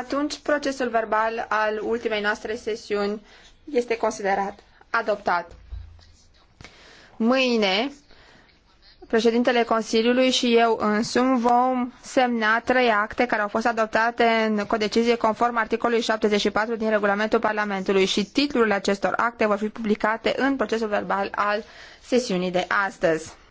atunci procesul verbal al ultimei noastre sesiuni este considerat adoptat. Mâine, președintele Consiliului și eu însumi vom semna trei acte care au fost adoptate în codecizie conform articolului 74 din regulamentul Parlamentului și titlurile acestor acte vor fi publicate în procesul verbal al sesiunii de astăzi.